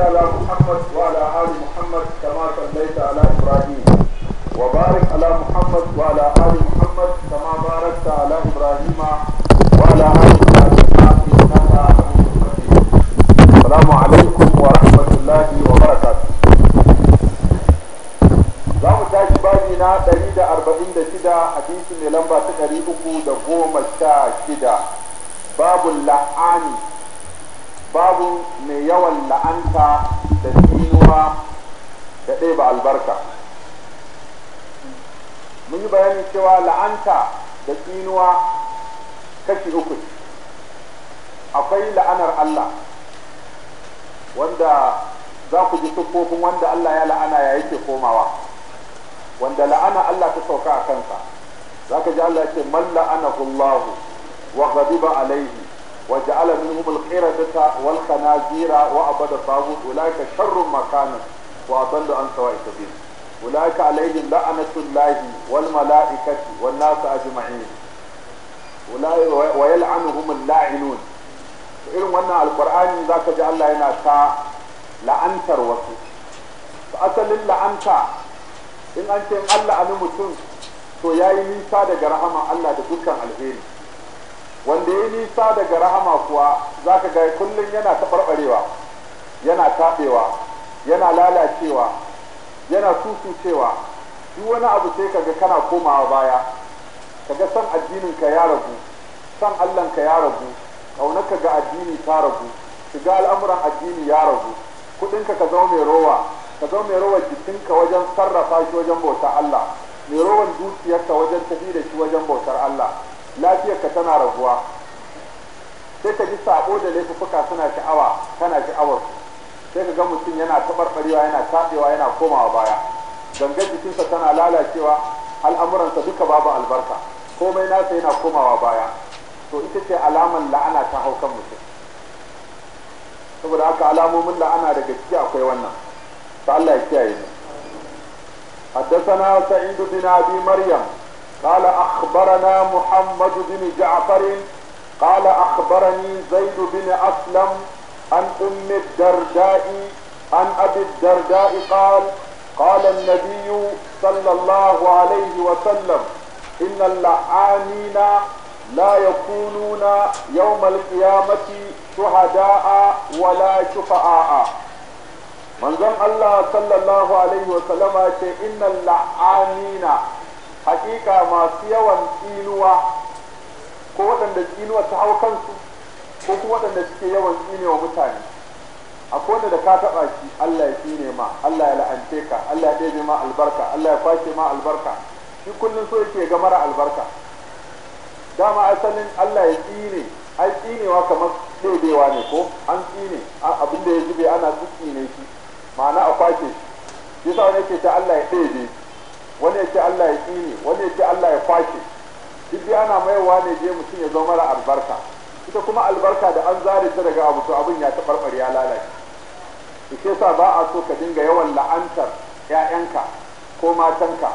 على محمد وعلى آل محمد كما صليت على إبراهيم وبارك على محمد وعلى آل محمد كما باركت على إبراهيم وعلى آل إبراهيم إنك حميد مجيد السلام عليكم ورحمة الله وبركاته za mu tashi babi na 146 hadisi mai lamba ta 316 babul la'ani gafurun mai yawan la'anta da tsinuwa da ɗeba albarka mun yi bayanin cewa la'anta da tsinuwa kashi uku akwai la'anar Allah wanda za ku ji siffofin wanda Allah ya la'ana ya yake komawa wanda la'ana Allah ta sauka a kansa za ka ji Allah ya ce man la'anahu Allah wa ghadiba alaihi وجعل منهم القردة والخنازير وعبد الطاغوت أولئك شر مكانا وأضل عن سواء السبيل أولئك عليهم لعنة الله والملائكة والناس أجمعين ويلعنهم اللاعنون irin wannan alkur'ani za ka ji Allah yana ta la'antar wasu asalin la'anta in an ce Allah mutum to ya yi nisa daga rahama Allah da dukkan alheri wanda ya nisa daga rahama kuwa za ka ga kullum yana taɓarɓarewa yana taɓewa yana lalacewa yana susucewa duk wani abu sai ka ga kana komawa baya ka ga san ka ya ragu san allahnka ya ragu ƙaunarka ga addini ta ragu shiga al'amuran addini ya ragu kuɗinka ka zama mai rowa ka zama mai rowa jikinka wajen sarrafa shi wajen bautar allah mai rowan dukiyarka wajen tafi da shi wajen bautar allah lafiyarka tana raguwa sai ka ji sabo da laifuka suna sha'awa tana sha'awar sai ka ga mutum yana taɓarɓarewa yana taɓewa yana komawa baya gangan jikinsa tana lalacewa al'amuransa duka babu albarka komai nasa yana komawa baya to ita ce alaman la'ana ta hau kan mutum saboda haka alamomin la'ana daga ciki akwai wannan ta Allah ya kiyaye mu حدثنا سعيد بن ابي Maryam. قال أخبرنا محمد بن جعفر قال أخبرني زيد بن أسلم عن أم الدرداء عن أبي الدرداء قال قال النبي صلى الله عليه وسلم إن اللعانين لا يكونون يوم القيامة شهداء ولا شفعاء من ذن الله صلى الله عليه وسلم إن اللعانين hakika masu yawan tsinuwa ko waɗanda tsinuwa ta hau kansu ko kuma waɗanda suke yawan tsinewa mutane a wanda da ka taɓa shi Allah ya tsine ma Allah ya la'ance ka Allah ya ɗebe ma albarka Allah ya kwace ma albarka shi kullum so yake ga mara albarka dama asalin Allah ya tsine ai tsinewa kamar ɗebewa ne ko an tsine abin ya zube ana tsine shi ma'ana a kwace shi yasa wani yake ta Allah ya ɗebe shi wani ya ce Allah ya tsini wani ya ce Allah ya kwashe duk dai ana maiwa ne je mutum ya zama mara albarka ita kuma albarka da an zare ta daga abu to abin ya taɓarɓar ya lalace shi sa ba a so ka dinga yawan la'antar 'ya'yanka ko matanka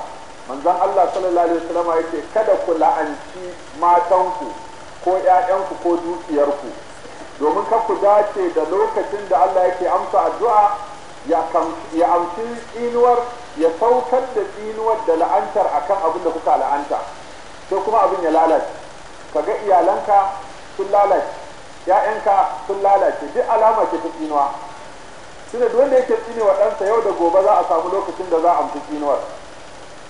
manzon Allah sallallahu alaihi wasallam yake kada ku la'anci matanku ko 'ya'yanku ko dukiyarku domin ka ku dace da lokacin da Allah yake amsa addu'a ya amshi inuwar ya saukar da tsinuwar da la'antar a kan abin da kuka la'anta sai kuma abin ya lalace ka ga iyalanka sun lalace ya'yanka sun lalace duk alama ke ta tsinuwa tunda duk wanda yake tsinewa ɗansa yau da gobe za a samu lokacin da za a amfi tsinuwar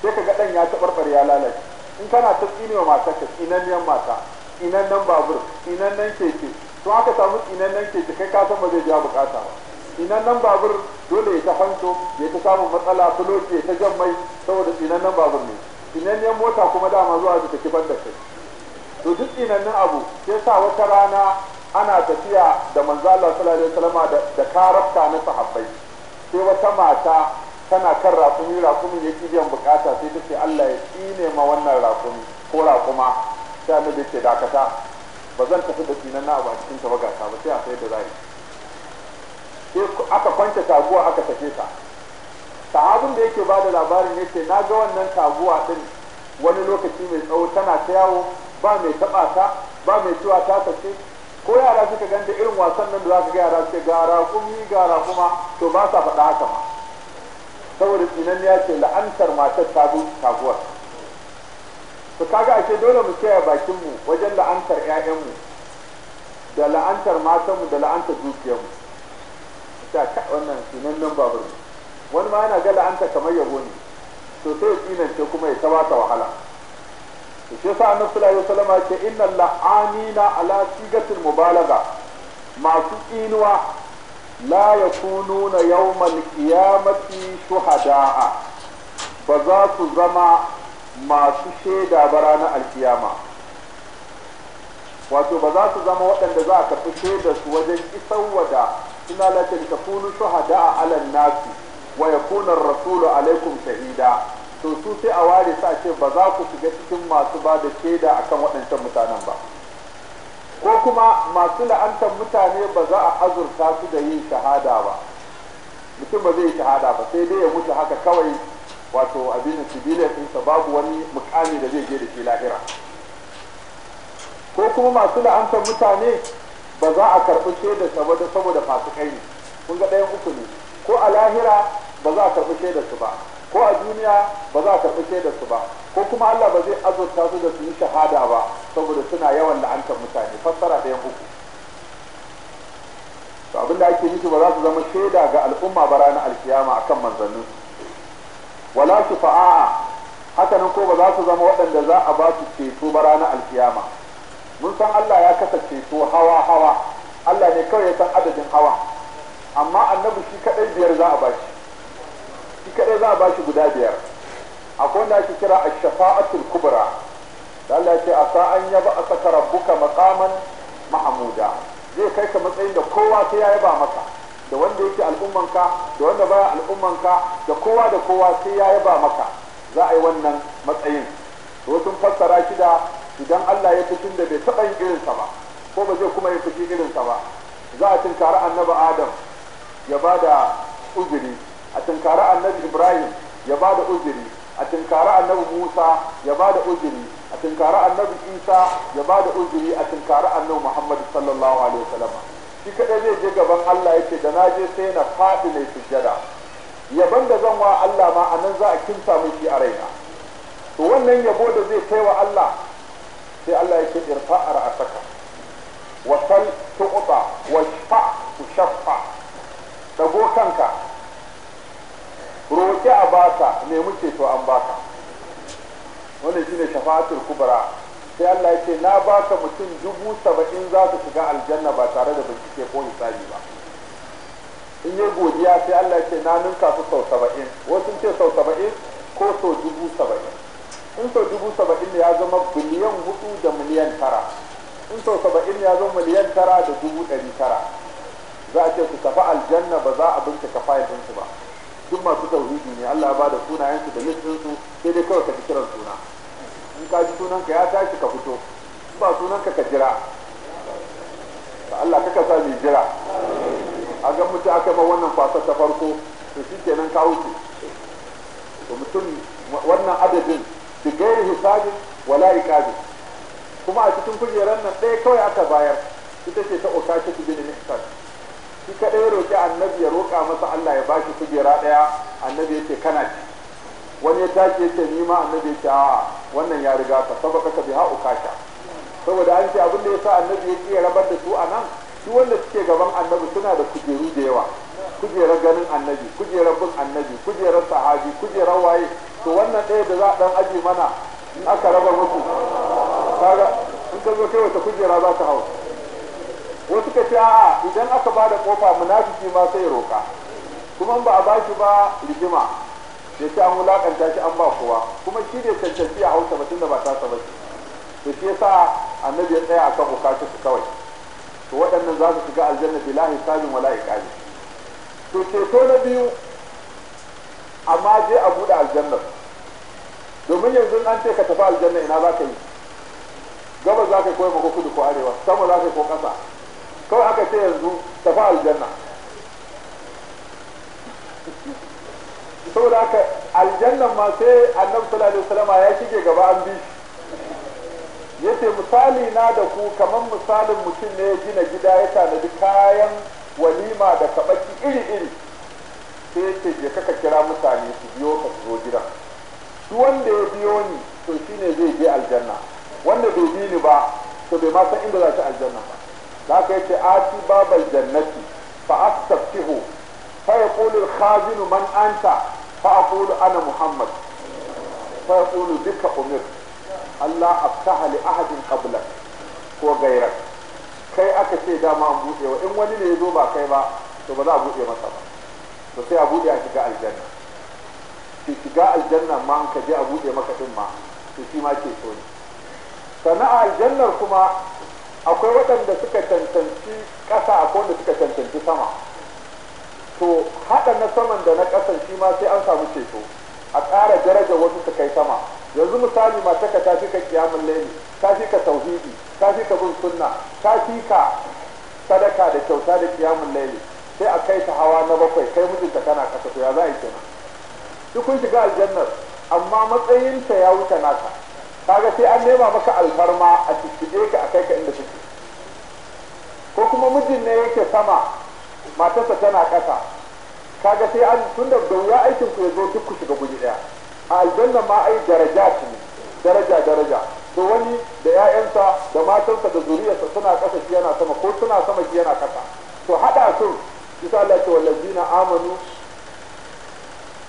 sai ga ɗan ya taɓarɓar ya lalace in kana ta tsinuwa mata ka tsinanniyan mata nan babur nan keke to aka samu tsinannen keke kai ka san ba zai biya bukata ba tsinan nan babur dole ya ta fanto ya ta samu matsala fuloki ya ta jan mai saboda tsinan nan babur ne yan mota kuma dama zuwa su ta kiban da kai to duk tsinannin abu ya sa wata rana ana tafiya da manzo Allah sallallahu alaihi da karabta na sahabbai sai wata mata tana kan rakumi rakumin yake biyan bukata sai ta ce Allah ya tsine ma wannan rakumi ko rakuma sai annabi ce dakata ba zan tafi da tsinan na abu a cikin ba ta ba sai a sai da zai sai aka kwanta taguwa aka sake ta sahabin da yake da labarin ce na ga wannan taguwa din wani lokaci mai tsawo tana ta yawo ba mai taba ta ba mai tuwa ta sace ko yara suka ganta irin wasan nan da za ka ga yara suke ga raƙumi gara kuma to ba sa faɗa haka ma saboda tsinan ya ce la'antar matar taguwar to kaga ashe dole mu kiyaye bakinmu wajen la'antar 'ya'yanmu da la'antar matanmu da la'antar dukiyarmu ta ka wannan sinannen babur wani ma yana gala anta kamar yabo ne to sai ya tsinance kuma ya ta wahala to shi yasa annabi sallallahu alaihi wasallam ce inna la'anina ala sigatil mubalaga. masu tsinuwa la yakununa yawmal qiyamati shuhada'a ba za su zama masu shaida ba na alkiyama wato ba za su zama waɗanda za a tafi shaida su wajen isarwa ina la takunu shuhada ala nasi wa yakuna ar-rasulu alaikum shahida to su sai a ware sa ce ba za ku shiga cikin masu ba da shaida akan waɗancan mutanen ba ko kuma masu la'antar mutane ba za a azurta su da yin shahada ba mutum ba zai yi shahada ba sai dai ya mutu haka kawai wato abin sibilin ɗinsa babu wani mukami da zai je da shi lahira ko kuma masu la'antar mutane ba za a karɓi shaidar sa da saboda fasikai ne kun ga ɗayan uku ne ko a lahira ba za a karɓi shaidar su ba ko a duniya ba za a karɓi shaidar su ba ko kuma Allah ba zai azurta su da su yi shahada ba saboda suna yawan la'antar mutane fassara ɗayan uku to abinda ake nufi ba za su zama shaida ga al'umma ba ranar alkiyama akan manzannin wala shufa'a haka nan ko ba za su zama waɗanda za a ba su ceto ba ranar alkiyama mun san Allah ya kasance to hawa hawa Allah ne kawai ya san adadin hawa amma annabi shi kadai biyar za a bashi shi kadai za a bashi guda biyar akwai wanda ake kira ash-shafa'atul kubra da Allah ya ce asa an yaba asaka rabbuka maqaman mahmuda zai kai ka matsayin da kowa sai ya yaba maka da wanda yake al'ummanka da wanda baya al'ummanka da kowa da kowa sai ya yaba maka za a yi wannan matsayin to sun fassara shi da idan Allah ya fitin da bai taɓa yin irinsa ba ko ba zai kuma ya fushi irinsa ba za a tunkari annabi Adam ya ba da uzuri a tunkari annabi Ibrahim ya ba da uzuri a tunkari annabi Musa ya ba da uzuri a tunkari annabi Isa ya ba da uzuri a tunkari annabi Muhammad sallallahu alaihi wasallam shi kaɗai zai je gaban Allah yake da na je sai na faɗi mai sujjada yaban da zan wa Allah ma anan za a kinsa mai shi a raina to wannan yabo da zai kai wa Allah sai Allah ya ce irfa ra'asaka wa sal wa shafa shafa dago kanka roƙi a baka ne muke to an baka wannan shine shafa'atul kubra sai Allah ya ce na baka mutum dubu saba'in za su shiga aljanna ba tare da bincike ko hisabi ba in yi godiya sai Allah ya ce na ninka su sau saba'in wasu ce sau saba'in ko sau dubu saba'in in sau dubu saba'in ne ya zama miliyan hudu da miliyan tara in sau saba'in ya zo miliyan tara da dubu ɗari tara za a ce ku tafi aljanna ba za a bincika fayil ɗinsu ba duk masu tauhidi ne Allah ba da sunayensu da list sai dai kawai ka fi kiran suna in ka ji sunanka ya tashi ka fito in ba sunanka ka jira Allah kaka sa mai jira a ga mutu aka ma wannan kwasar ta farko to shi kenan ka wuce to mutum wannan adadin bi hisabin wala ikabi kuma a cikin kujerar nan ɗaya kawai aka bayar ita ce ta oka okashi bin mihsan shi kaɗai ya roƙi annabi ya roƙa masa Allah ya bashi kujera ɗaya annabi ya ce kana ci wani ya tashi ya ce ni ma annabi ya ce a wannan ya riga ka sabaka ka oka ukasha saboda an ce abin da ya sa annabi ya ce ya rabar da su a nan su wanda suke gaban annabi suna da kujeru da yawa kujerar ganin annabi kujerar bin annabi kujerar sahabi kujerar waye to wannan ɗaya da za a ɗan aji mana in aka raba musu kaga in ka zo kai wata kujera za ta hau wasu ka ce a'a idan aka ba da kofa munafiki ma sai roka kuma ba a bashi ba rigima ya ce an wulaƙanta shi an ba kowa kuma shi ne cancanci a hausa mutum da ba ta saba shi to shi yasa annabi ya tsaya akan bukatun su kawai to waɗannan za su shiga aljanna bilahi sabin wala iqabi to ceto na biyu amma je a buɗe aljannar domin yanzu an ce ka tafi aljannar ina za ka yi gaba za ka koyi mako kudu ko arewa sama za ka yi ko ƙasa kawai aka ce yanzu tafi aljanna saboda haka aljannan ma sai annabi sallallahu alaihi wasallam ya shige gaba an bi ya ce misali na da ku kamar misalin mutum ne ya gina gida ya tanadi kayan walima da kabaki iri iri sai ya ce je kaka kira mutane su biyo ka zo gidan shi wanda ya biyo ni to shine zai je aljanna wanda bai bi ni ba to bai ma san inda za shi aljanna ba za ka yace ati babal jannati fa astaftihu fa yaqulu al-khazinu man anta fa aqulu ana muhammad fa yaqulu bika umir Allah aftaha li ahadin qablak ko gairak kai aka ce dama an buɗewa in wani ne ya zo ba kai ba to ba za a buɗe masa ba to sai a buɗe a shiga aljanna ki shiga aljanna ma an ka je a buɗe maka din ma to shi ma ke so ne aljannar kuma akwai waɗanda suka cancanci ƙasa a wanda suka cancanci sama to haɗa na saman da na ƙasan shi ma sai an samu ceto a ƙara daraja wasu su kai sama yanzu misali matarka ta fi ka kiyamun laili ta fi ka tauhidi ta fi ka bin sunna ta fi ka sadaka da kyauta da kiyamun laili sai a kai ta hawa na bakwai kai mijinta kana kasa to ya za a yi kenan duk kun shiga aljannar amma matsayinta ya wuce naka kaga sai an nema maka alfarma a cikin ka a kai ka inda kake ko kuma mijin ne yake sama matarsa tana ƙasa kaga sai an tun da wuya aikin ku ya zo duk ku shiga guji ɗaya a aljanna ma ai daraja ne daraja daraja to wani da 'ya'yansa da matarsa da zuriyarsa suna kasa shi yana sama ko suna sama shi yana ƙasa to haɗa su yasa Allah ce wallazina amanu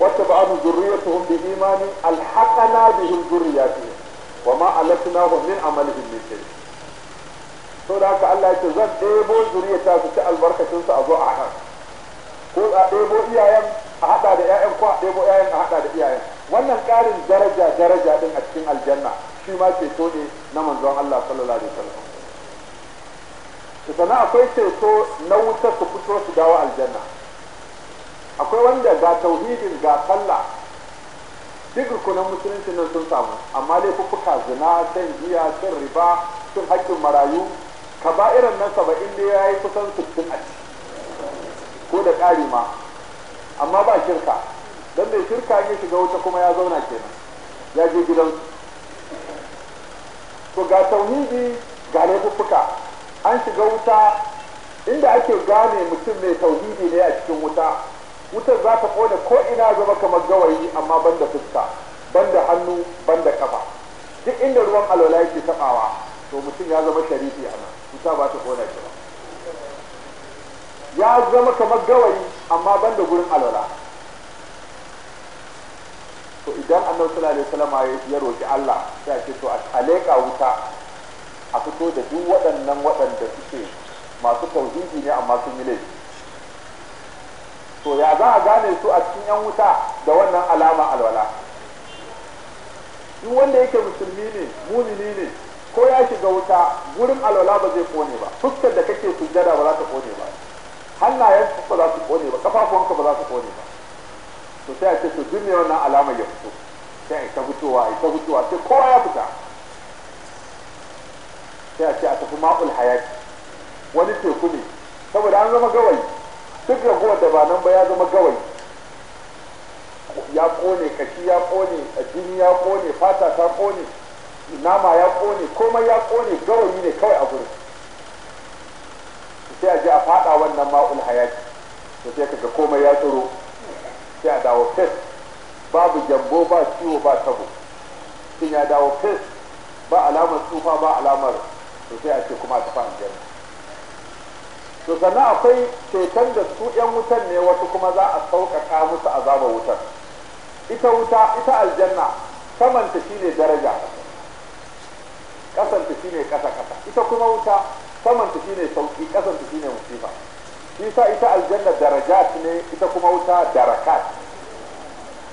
واتبعوا ذريتهم بإيمان ألحقنا بهم ذرياتهم وما ألتناهم من عملهم من شيء to da ka Allah ce zan ɗebo zuriyata su ci albarkacinsu a zo a har ko a debo iyayen a haɗa da iyayen ko a debo iyayen a haɗa da iyayen wannan karin daraja daraja din a cikin aljanna shi ma ceto ne na manzon Allah sallallahu alaihi wasallam su sannan akwai ceto na wuta su fito su dawo aljanna akwai wanda ga tauhidin ga talla duk rukunan musulunci nan sun samu amma laifuffuka zina shan giya sun riba sun haƙƙin marayu kaba'iran nan saba'in da ya yi kusan sittin a ko da ƙari ma amma ba shirka don mai shirka ya shiga wuta kuma ya zauna kenan ya je gidansu to ga tauhidi ga laifuffuka an shiga wuta inda ake gane mutum mai tauhidi ne a cikin wuta wutar za ta kone ko ina zama kamar gawayi amma banda fuska banda hannu banda kafa duk inda ruwan alwala yake tabawa to mutum ya zama sharifi a nan wuta ba ta kona shi ba ya zama kamar gawayi amma banda gurin alwala to idan annabi sallallahu alaihi wasallam ya roki Allah sai ya ce to a aleka wuta a fito da duk waɗannan waɗanda suke masu tauhidi ne amma sun yi laifi to ya za a gane su a cikin yan wuta da wannan alama alwala In wanda yake musulmi ne mumini ne ko ya shiga wuta gurin alwala ba zai kone ba fuskar da kake sujjada ba za ta kone ba hannayen ba za su kone ba kafafuwanka ba za su kone ba to sai a ce su duk wannan alama ya fito sai a ita fitowa a ita fitowa sai kowa ya fita sai a ce a tafi ma'ul hayati wani teku ne saboda an zama gawayi duk ragowar da ba nan ba ya zama gawayi ya kone kashi ya kone jini ya kone fata ta kone nama ya kone komai ya kone gawayi ne kawai a gurin sai a je a fada wannan ma'ul hayati to sai kaga komai ya tsoro sai a dawo fes babu gyambo ba ciwo ba tabo shin ya dawo fes ba alamar tsufa ba alamar to sai a ce kuma a tafi aljanna to sannan akwai ceton da su yan wutan ne wasu kuma za a sauƙaƙa musu azabar wutar ita wuta ita aljanna samanta shine daraja kasanta shine kasa kasa ita kuma wuta samanta shine sauki kasanta shine musifa shi sa ita aljanna darajat ne ita kuma wuta darakat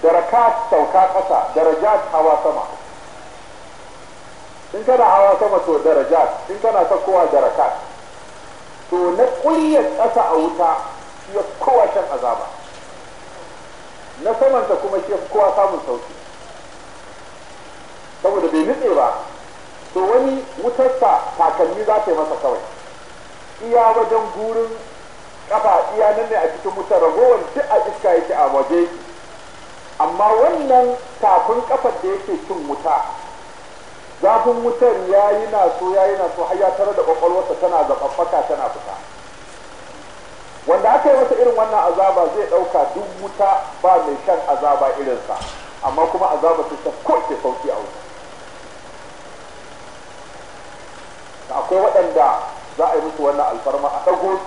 darakat sauka kasa darajat hawa sama in kana hawa sama to daraja in kana kowa daraka to na kuryar ƙasa a wuta shi ya kowa shan azaba na samanta kuma shi ya kowa samun sauki saboda bai nutse ba to wani wutarsa takalmi za ta yi masa kawai iya wajen gurin kafa iya nan ne a cikin wutar ragowar duk a iska yake a waje amma wannan tafin kafar da yake cin wuta zafin wutar ya yi na so ya yi na so har ya tare da kwakwalwarsa tana zafaffaka tana fita wanda aka yi masa irin wannan azaba zai ɗauka duk wuta ba mai shan azaba irinsa amma kuma azaba ta ta kowace sauki a wuta akwai waɗanda za a yi musu wannan alfarma a ɗago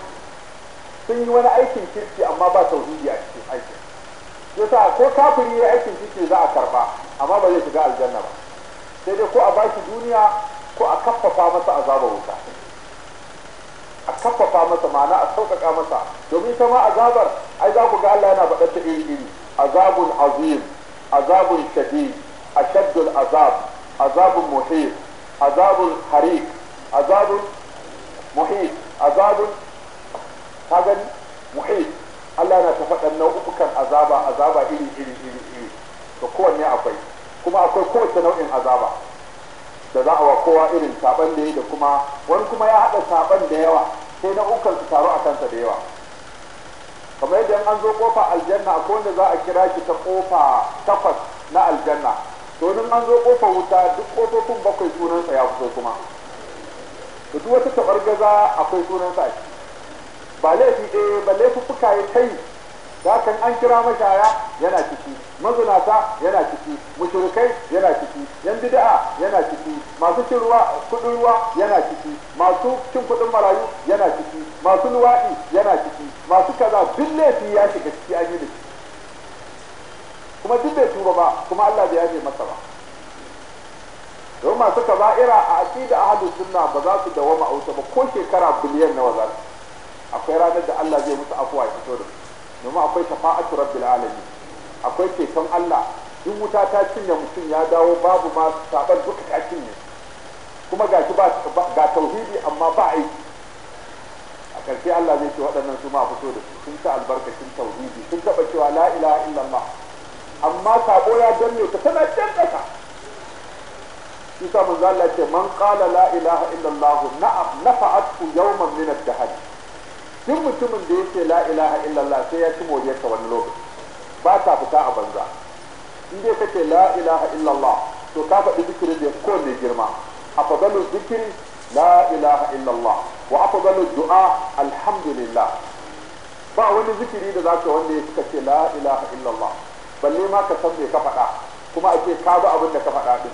sun yi wani aikin kirki amma ba tauhidi a cikin aikin yasa ko kafiri ya aikin kirki za a karba amma ba zai shiga aljanna ba sai dai ko a bashi duniya ko a kaffafa masa azabar wuta a kaffafa masa ma'ana a sauƙaƙa masa domin ita ma azabar ai za ku ga Allah yana faɗar ta iri iri azabun azim azabun shadid ashaddul azab azabun muhit azabun harik azabun muhit azabun muhit Allah yana ta faɗar nau'ukan azaba azaba iri iri iri iri to kowanne akwai kuma akwai kowace nau'in azaba da za a wa kowa irin saban da ya da kuma wani kuma ya haɗa saban da yawa sai na ukan su taru a kansa da yawa kamar yadda an zo kofa aljanna akwai wanda za a kira shi ta kofa takwas na aljanna to in an zo kofa wuta duk kofofin bakwai sunansa ya fito kuma to duk wata tabargaza akwai sunansa a ba laifi eh ba laifuffuka ya kai Zakan an kira mashaya yana ciki, mazunata yana ciki, mushrikai yana ciki, yan bid'a yana ciki, masu cin ruwa kudin ruwa yana ciki, masu cin kudin marayu yana ciki, masu luwaɗi yana ciki, masu kaza duk laifi ya shiga ciki an yi da ciki Kuma duk bai tuba ba, kuma Allah bai yaje masa ba. don masu kaba'ira a aqida ahlus sunna ba za su dawama a wuta ba ko shekara biliyan nawa za akwai ranar da Allah zai musu afuwa ya fito da su domin akwai shafa'atu rabbil alamin akwai ceton Allah in wuta ta cinye mutum ya dawo babu ma sabon duka ta cinye kuma ga shi ga tauhidi amma ba aiki a karshe Allah zai ce waɗannan su ma fito da su sun ta albarkacin tauhidi sun taɓa cewa la ilaha illallah amma sabo ya danne ta tana can ƙasa Isa manzo Allah ce man qala la ilaha illallah na'am ku yawman min ad-dahr duk mutumin da ya ce la ilaha illallah sai ya ci moriyarka wani lokaci ba ta fita a banza in dai kace la ilaha illallah to ka faɗi zikiri da ko mai girma afdalu zikiri la ilaha illallah wa afdalu du'a alhamdulillah ba wani zikiri da zaka wanda ya suka ce la ilaha illallah balle ma ka san me ka faɗa kuma a ce ka bi abin da ka faɗa din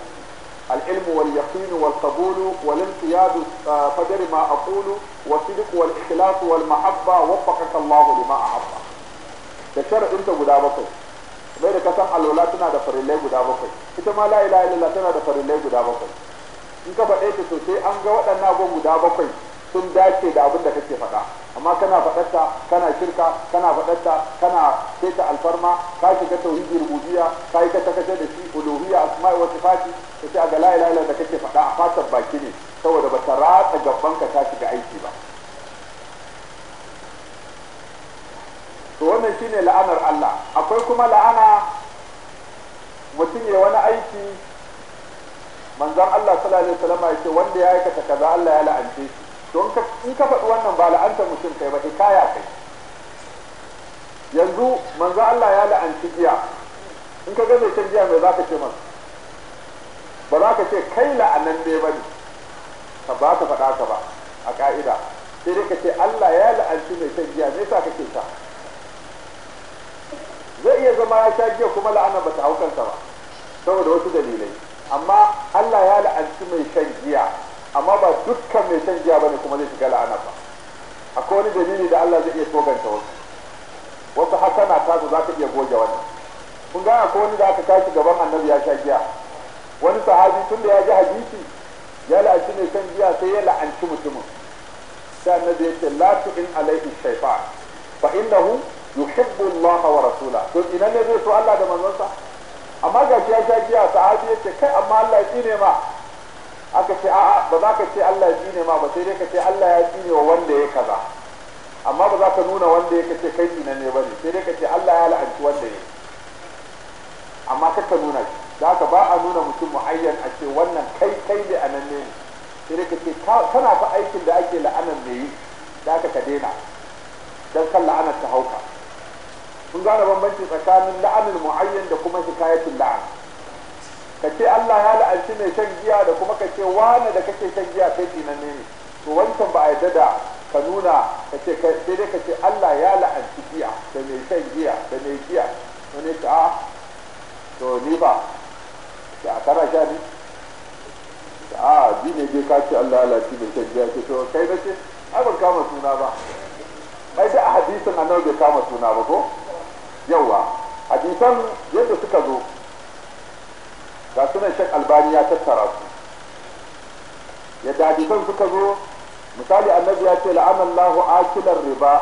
العلم واليقين والقبول والانقياد فدر ما أقول والصدق والإخلاص والمحبة وفقك الله لما أحب da sharaɗin ta guda bakwai mai da kasan alwala tana da farillai guda bakwai ita ma la ilaha illallah tana da farillai guda bakwai in ka faɗe ta sosai an ga waɗannan abubuwa guda bakwai sun dace da abin da kake faɗa amma kana faɗarta kana shirka kana faɗarta kana saita alfarma ka shiga tauhidi rububiyya ka yi kasa kace da shi uluhiyya asma'i wa sifati ce a ga la'ila ila da kake faɗa a fatan baki ne saboda ba ta ratsa gaban ka ta shiga aiki ba to wannan shine la'anar Allah akwai kuma la'ana mutum ya wani aiki manzon Allah sallallahu alaihi wasallam ya ce wanda ya aikata kaza Allah ya la'ance shi don in ka faɗi wannan ba la'antar mutum kai ba hikaya kai yanzu manzo Allah ya la'anci jiya. in ka ga mai can jiya mai za ka ce masa ba za ka ce kai la'anan ne ba ne ka ba ka faɗa ka ba a ƙa'ida sai dai ka ce Allah ya la'anci mai shan jiya me yasa ce ta zai iya zama ya sha jiya kuma la'anan ba ta hau kansa ba saboda wasu dalilai amma Allah ya la'anci mai shan jiya. amma ba dukkan mai shan giya ne kuma zai shiga la'ana ba akwai wani dalili da Allah zai iya toganta wasu wasu hasana ta za ta iya goge wannan kun ga akwai wani da aka tashi gaban annabi ya sha giya wani sahabi tun da ya ji hadisi ya la'anci mai shan giya sai ya la'anci mutumin sai annabi ya ce la tu'in alaihi shaifa fa innahu yuhibbu Allah wa rasula to ina ne zai so Allah da sa amma ga shi ya sha giya sahabi ya ce kai amma Allah ya ne ma aka ce a'a ba za ka ce Allah ya tsine ma ba sai dai ka ce Allah ya tsine wa wanda ya kaza amma ba za ka nuna wanda ya ce kai tsinan ne bane sai dai ka ce Allah ya la'anci wanda ya amma kaka nuna shi za ka ba a nuna mutum mu'ayyan a ce wannan kai kai da anan ne sai dai ka ce kana fa aikin da ake la'anan ne yi za ka ka daina dan kan la'anar ta hauka kun gane bambanci tsakanin la'anul mu'ayyan da kuma hikayatul la'an ka ce Allah ya la'anci mai shan giya da kuma ka ce wane da kake shan giya kai tinan ne to wancan ba a yadda da ka nuna ka ce sai dai ka ce Allah ya la'anci giya da mai shan giya da mai giya wani ce a ah, to ni ba ce a kana sha ni a bi ah, ne je ka ce Allah ya la'anci mai shan giya ce to kai na ce ai ban kama suna ba ai da a hadisin annabi bai kama suna ba ko yauwa hadisan yadda suka zo ga sunan shek albani ya tattara su yadda hadisan suka zo misali annabi ya ce lahu akilar riba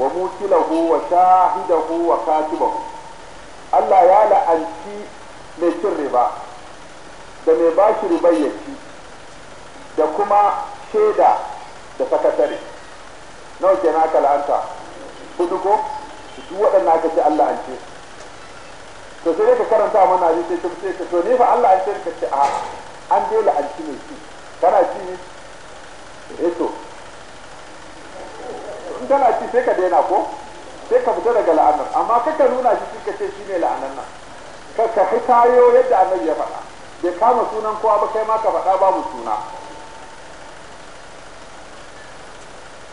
wa mutilahu wa shahidahu wa katibahu Allah ya la'anci mai cin riba da mai bashi ribayyaci da kuma shaida da sakatare nawa kenan aka la'anta hudu ko duk waɗanda aka ce Allah an ce to sai ka karanta mana hadisi sai sai ka to ne fa Allah ya sai ka ce a an dole an ci ne shi kana ci eh to in kana ci sai ka daina ko sai ka fita daga la'anar amma ka nuna shi ka ce ne la'anar nan ka ka hikayo yadda annabi ya faɗa bai kama sunan kowa ba kai ma ka faɗa babu suna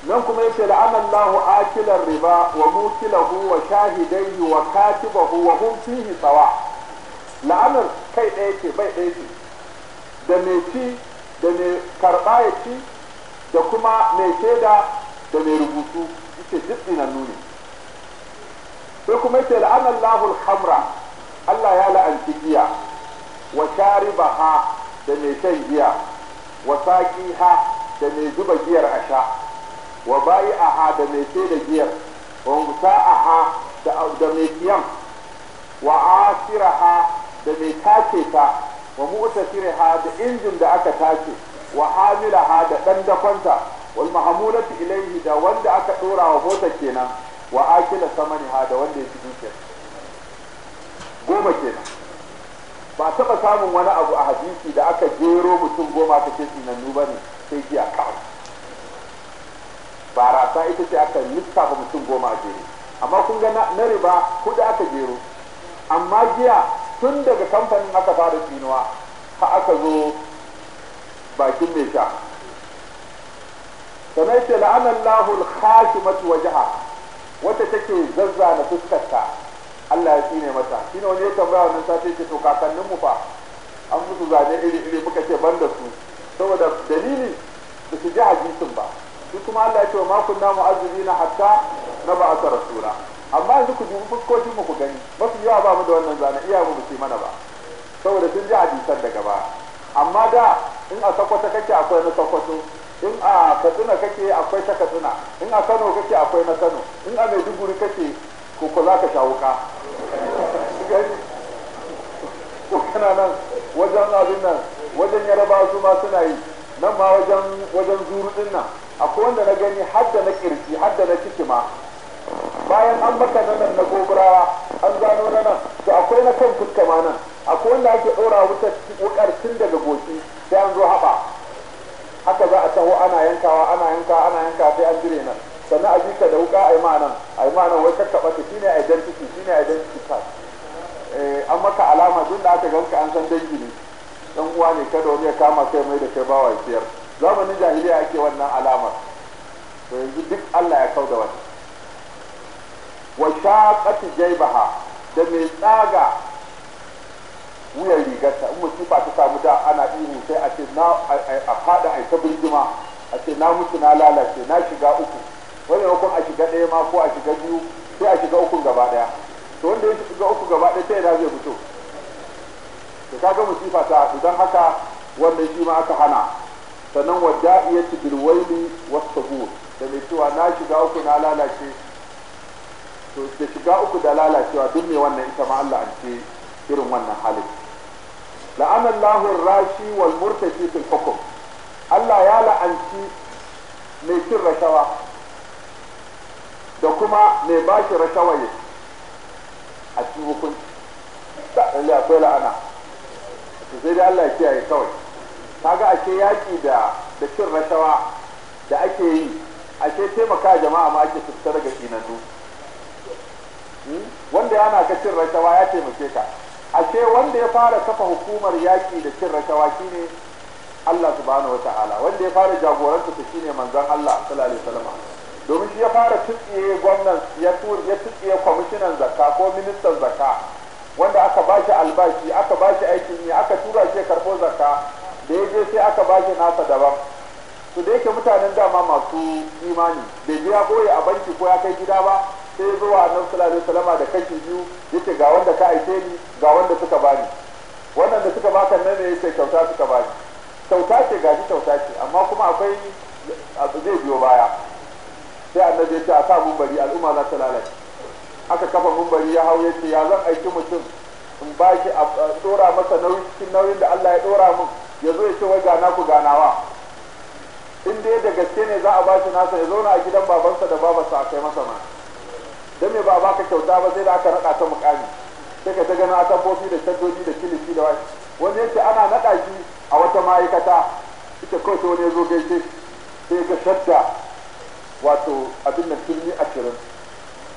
nan kuma yace la'ana Allahu akilar riba wa mukilahu wa shahidaihi wa katibahu wa hum fihi sawa la'anar kai da ce bai da ce da mai ci da mai karɓa ya ci da kuma mai shaida da mai rubutu yace duk tsinannu nuni sai kuma yace la'ana Allahu al Allah ya la'anci giya wa sharibaha da mai shan giya wa saqiha da mai zuba giyar a wa bayi aha da mai sai da giyar wa musa aha da mai siyan wa asiraha da mai tace ta wa ha da injin da aka tace wa hamilaha da dan dafanta wal mahmulatu ilaihi da wanda aka dora wa mota kenan wa akila ha da wanda ya ci dukiyar goma kenan ba taba samun wani abu a hadisi da aka jero mutum goma ta ce sinannu ne, sai giya kawai barasa ita ce aka lissafa mutum goma a jere amma kun ga na riba aka jero amma giya tun daga kamfanin aka fara tsinuwa ha aka zo bakin mai sha sannan ce la'anar lahul khashimatu wajaha wata take zazza na fuskarta Allah ya tsine mata shine wani ya tambaya wannan sace ce to kakannin mu fa an musu zane iri iri muka ce ban da su saboda dalili ba su ji hadisin ba shi kuma Allah ya ce ma kunna mu'azzibina hatta na ba'atha rasula amma yanzu ku dubi fuskokin mu ku gani masu yawa ba mu da wannan zana iya mu ci mana ba saboda sun ji hadisan daga ba amma da in a sakwata kake akwai na sakwato in a katsina kake akwai ta katsina in a kano kake akwai na kano in a maiduguri kake ko kula ka shawo ka ko kana nan wajen abin nan wajen yarabawa su ma suna yi nan ma wajen wajen zuru din nan akwai wanda na gani hadda na kirki hadda na ciki ma bayan an maka na na goburawa an zano na nan to akwai na kan fuska ma nan akwai wanda ake ɗora wutar wukar tun daga goki sai an zo haɓa haka za a taho ana yankawa ana yanka ana yanka sai an jire nan sannan a jika da wuka a yi ma nan a yi ma nan wai kakkaɓa ta shine identity shine identity card eh, an maka alama duk da aka ganka an san dangi ne dan uwa ne kada wani ya kama kai mai da kai bawa siyar. zamanin jahiliya ake wannan alamar to yanzu duk Allah ya kauda wani wa shaqati jaybaha da mai tsaga wuyan rigarta in ba ta samu da ana ihu sai a ce na a fada a ta birgima a ce na mutu na lalace na shiga uku wani ko a shiga ɗaya ma ko a shiga biyu sai a shiga ukun gaba ɗaya to wanda ya shiga uku gaba ɗaya sai na zai fito to kaga musifa ta idan haka wanda shi ma aka hana sannan wa da'iyati bil waili wasu sabur da mai cewa na shiga uku na lalace to da shiga uku da lalacewa duk mai wannan ita ma Allah an ce irin wannan halin La'anar Allahu rashi wal murtashi fil hukm Allah ya la'anci mai cin rashawa da kuma mai bashi rashawa a cikin hukunci da akwai la'ana sai dai Allah ya kiyaye kawai kaga ashe yaki da da cin rashawa da ake yi ashe taimaka jama'a ma ake fita daga tsinannu hmm? wanda yana ga cin rashawa ya taimake ka ashe wanda ya fara kafa hukumar yaƙi da cin rashawa shine Allah subhanahu wata'ala wanda ya fara jagoranta ta shine manzon Allah sallallahu alaihi wasallam domin shi ya fara tsitsiye gwamnan ya ya kwamishinan zakka ko ministan zakka wanda aka bashi albashi aka ba shi aikin yi aka tura shi karɓo zakka da ya je sai aka bashi nasa daban su da yake mutanen dama masu imani bai je ya boye a banki ko ya kai gida ba sai ya zo wa annabi sallallahu salama da kashi biyu ce ga wanda ka aike ni ga wanda suka bani wannan da suka baka nan ne yace kyauta suka bani kyauta ce gaji kyauta ce amma kuma akwai zai biyo baya sai annabi ya ce a sa mumbari al'umma za ta lalace aka kafa mumbari ya hau ya ce ya zan aiki mutum in ba shi a tsora masa nauyi nauyin da Allah ya dora mun ya zo ya ce wai gana ku ganawa in dai da gaske ne za a ba shi nasa ya zauna a gidan babansa da babansa a kai masa ma don me ba a baka kyauta ba sai da aka naɗa ta mukami sai ka ta gana tabbofi da shaddoji da kilifi da wani wani yace ana naɗa shi a wata ma'aikata ita kawai ta wani ya zo gaishe sai ka shadda wato abin nan turmi ashirin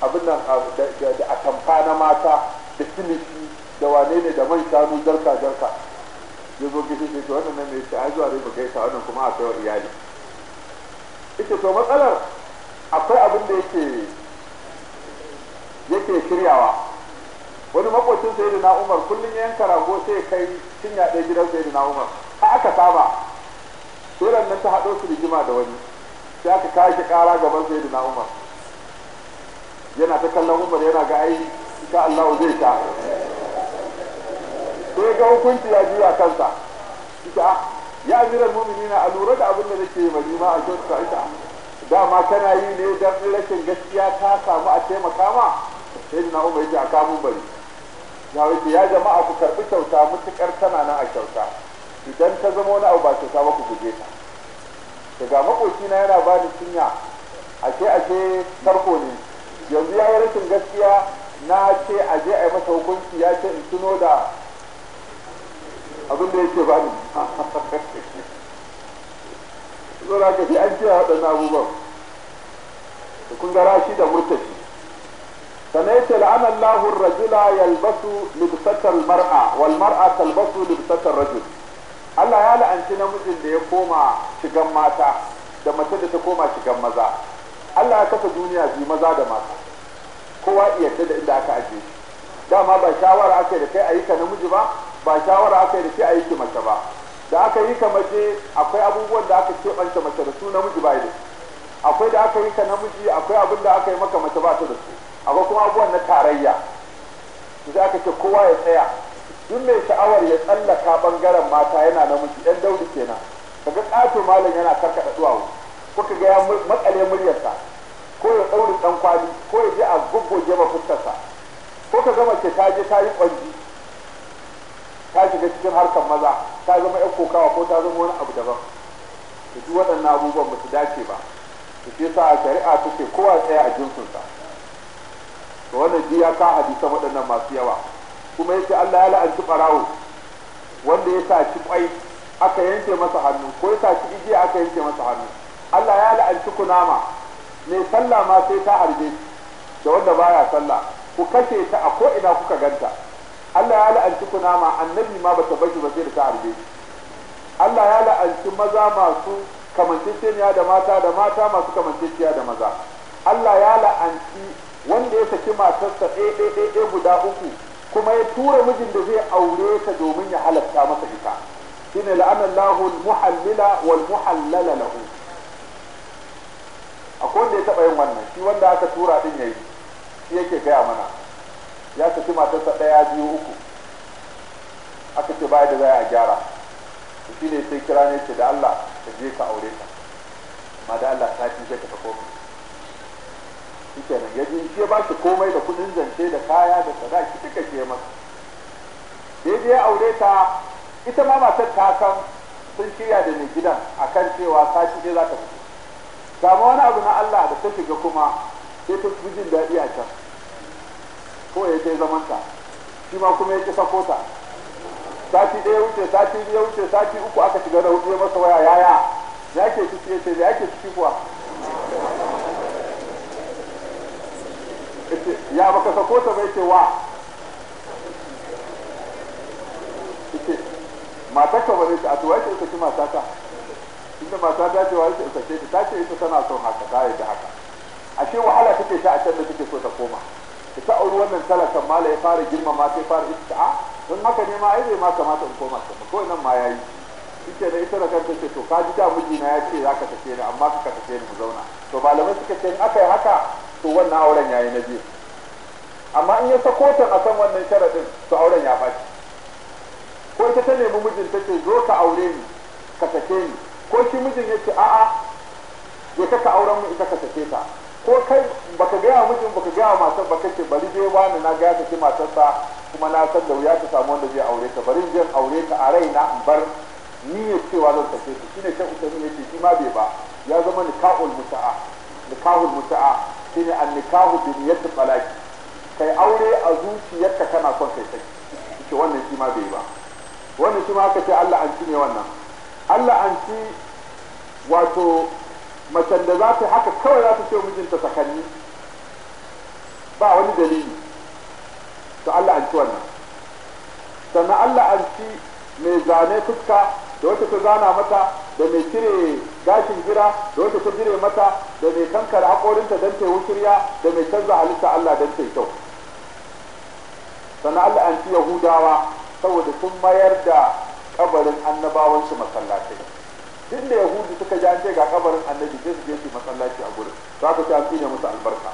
abin nan ah, da atamfa na mata da kilifi da wane ne da man shanu jarka jarka ya zo gishi ce wannan nan ne ce zuwa zai mu yasa wannan kuma a kai wa iyali ita to matsalar akwai abin da yake yake shiryawa wani makocin sai da umar kullum yanka rago sai kai cinya ɗaya gidan sai da umar a aka saba suran nan ta haɗo su rigima da wani sai aka kashi ƙara gaban sai da umar yana ta kallon umar yana ga ai ka Allah zai ta sai ga hukunci ya juya kansa ita ya amiral na a lura da abin da nake bari ma a kyautata ita dama kana yi ne don rashin gaskiya ta samu a taimaka ma sai na umar yake a kamun bari ya wuce ya jama'a ku karbi kyauta mutukar tana nan a kyauta idan ta zama wani abu ba kyauta ba ku guje ta daga makoci na yana da cinya ashe ashe tarko ne yanzu ya yi rashin gaskiya na ce a je a yi masa hukunci ya ce in tuno da abin da yake bani zora ka sai an ce waɗanda abubuwan da kun gara shi da murtashi sannan ya ce Allahu rajula yalbasu libsata mara wal mar'a talbasu libsata rajul Allah ya la'anci namijin da ya koma shigan mata da mace da ta koma shigan maza Allah ya kasa duniya biyu maza da mata kowa iya da inda aka ajiye dama ba shawara ake da kai ayyuka namiji ba ba shawara aka yi da shi a yi mace ba da aka yi ka mace akwai abubuwan da aka keɓanta mace da su namiji ba da akwai da aka yi ka namiji akwai abin da aka yi maka mace ba ta da su akwai kuma abubuwan na tarayya da aka ce kowa ya tsaya duk mai sha'awar ya tsallaka ɓangaren mata yana namiji yan daudu kenan kaga ƙato malam yana karkaɗa duwawu ko ka ga ya matsale muryarsa ko ya ɗaure ɗan kwali ko ya je a gubboge ba ko ka ga mace ta je ta yi ƙwanji ta shiga cikin harkar maza ta zama yan kokawa ko ta zama wani abu daban da duk waɗannan abubuwan ba su dace ba da ce yasa a shari'a ta ce kowa tsaya a jinsunsa to wannan ji ya ka hadisan waɗannan masu yawa kuma ya ce Allah ya la'anci ɓarawo wanda ya sa saci kwai aka yanke masa hannu ko ya sa saci igiya aka yanke masa hannu Allah ya la'anci kunama mai sallah ma sai ta harbe da wanda baya sallah ku kashe ta a ko ina kuka ganta Allah ya la'anci kunama annabi ma bata bashi ba sai ta harbe Allah ya la'anci maza masu kamanceceniya da mata da mata masu kamanceceniya da maza Allah ya la'anci wanda ya saki matarsa ɗaya guda uku kuma ya tura mijin da zai aure ta domin ya halatta masa ita shine la'anar lahu muhallila wal muhallala lahu akwai wanda ya taɓa yin wannan shi wanda aka tura din yayi shi yake gaya mana ya saki matarsa ɗaya biyu uku aka ce baya da za a gyara su shi ne sai kira ne ce da Allah ka je ka aure ta amma da Allah ta fi ta kofi shi ke nan, yaji shi ya ba shi komai da kuɗin zance da kaya da sadaki duka ke masa daidai ya aure ta ita ma matar ta sun shirya da mai gidan akan cewa sati ne za ta fito samu wani abu na Allah da ta shiga kuma sai ta fi jin daɗi a can ko ya je zamanta shi ma kuma ya ƙi sakota sati ɗaya wuce sati biyu wuce sati uku aka shiga da hudu ya masa waya yaya ya ke ciki ya ce ya ke ciki kuwa ya baka sakota bai ce wa matarka ba zai ce a tuwa ce ita ci matata inda mata ta ce wa ita ita ce ta ce ita tana son haka ta yi da haka ashe wahala take sha a can da take so ta koma da ta auri wannan talakan mala ya fara girmama sai fara isti'a ah, don haka ne ma ai ma kamata in koma sama kawai nan ma yayi shike da ita da kanta ce to ka ji da mijina ya ce zaka tafi ni amma ka tafi ni mu zauna to malamai suka ce aka yi haka to wannan auren yayi na biyu amma in ya sako ta kan wannan sharadin to auren ya faci ko ita ta nemi mijin ta ce zo ka aure ni ka tafi ni ko shi mijin ya ce a'a ya ka auren mu ita ka tafe ta ko kai baka gaya mijin baka gaya matar baka ce bari je wani na gaya matar ta kuma na san da wuya ta samu wanda zai aure ta bari je aure ta a raina in bar ni ne cewa zan sake ta shine shan usaimi ne shi ma bai ba ya zama nikahul muta'a nikahul muta'a shine an nikahu bi niyyati talaqi kai aure a zuciyarka kana son kai sai ce wannan shi ma bai ba wannan shi ma aka Allah an ci ne wannan Allah an ci wato macen da za ta haka kawai za ta ce mijinta sakanni ba wani dalili to Allah an ci wannan sannan Allah an ci mai zane fuska da wata ta zana mata da mai cire gashin gira da wata ta jire mata da mai kankar haƙorinta don ta wushirya da mai canza halitta Allah don ta kyau sannan Allah an ci Yahudawa saboda sun mayar da kabarin annabawansu masallatai inda yahudu suka ji an ce ga kabarin annabi sai su je su masallaci a gurin za ku ci an musu albarka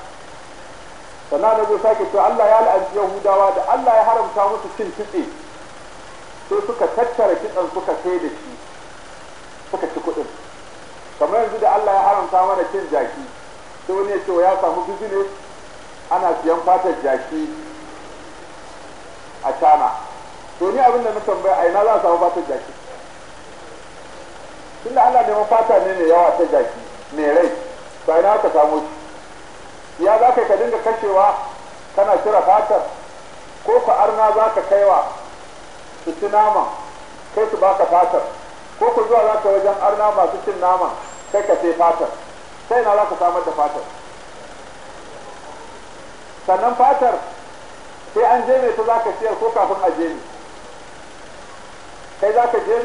sannan na zo sake to Allah ya la'anci yahudawa da Allah ya haramta musu cin kitse sai suka tattara kitsen suka sai da shi suka ci kuɗin kamar yanzu da Allah ya haramta mana cin jaki sai wani ya ce ya samu business ana siyan fatar jaki a cana to ni abin da na tambaya a ina za a samu fatar jaki tun da ana neman fata ne mai yawa ta jaki mai rai ba ina ka samu shi ya za ka dinga kashewa kana kira fatar ko ka arna za ka kaiwa su ci nama kai su baka fatar ko ku zuwa za ka wajen arna masu cin nama kai ka sai fatar sai na za ka samar da fatar sannan fatar sai an je ta za ka siyar ko kafin a je kai za ka je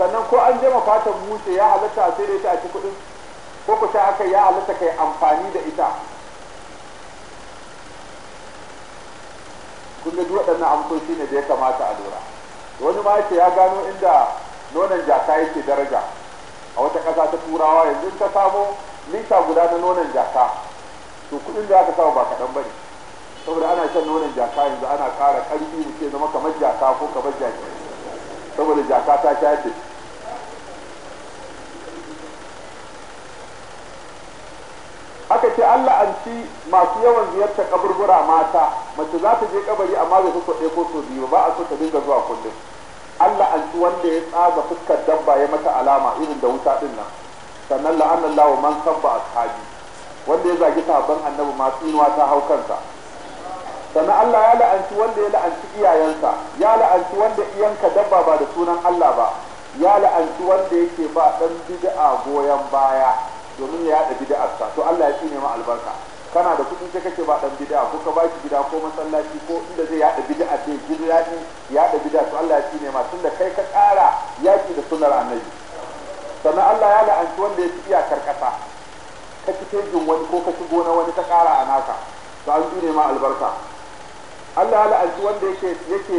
sannan ko an jama fatan mushe ya halatta a sai da ita a ci kuɗin ko ku ta aka ya halatta kai amfani da ita kun ga waɗannan amsoshi ne da ya kamata a lura wani ma yake ya gano inda nonon jaka yake daraja a wata ƙasa ta turawa yanzu ta samo lita guda na nonon jaka to kuɗin da aka samu ba kaɗan ba ne saboda ana shan nonon jaka yanzu ana ƙara ƙarfi mu ce zama kamar jaka ko kamar jaka saboda jaka ta shafe. aka ce Allah an ci masu yawan ziyarta kaburbura mata mace za ta je kabari amma bai fi kwaɗe ko sau biyu ba a so ta dinga zuwa kullum Allah an ci wanda ya tsaga fuskar dabba ya mata alama irin da wuta din nan sannan la'anan lawa man sabba ashabi wanda ya zagi sabon annabi masu inuwa ta hau kansa sannan Allah ya la'anci wanda ya la'anci iyayensa ya la'anci wanda iyanka dabba ba da sunan Allah ba ya la'anci wanda yake ba dan bid'a goyon baya domin ya yada bid'arsa to Allah ya tsine ma albarka kana da kuɗi sai kake ba dan bid'a ko ka baki gida ko masallaci ko inda zai yada bid'a sai ya yi yada bid'a to Allah ya tsine ma tunda kai ka kara yaki da sunnar annabi sannan Allah ya la'anci wanda ya iya karkasa ka ci tejin wani ko ka shigo gona wani ta kara a naka to an tsine ma albarka Allah ya la'anci wanda yake yake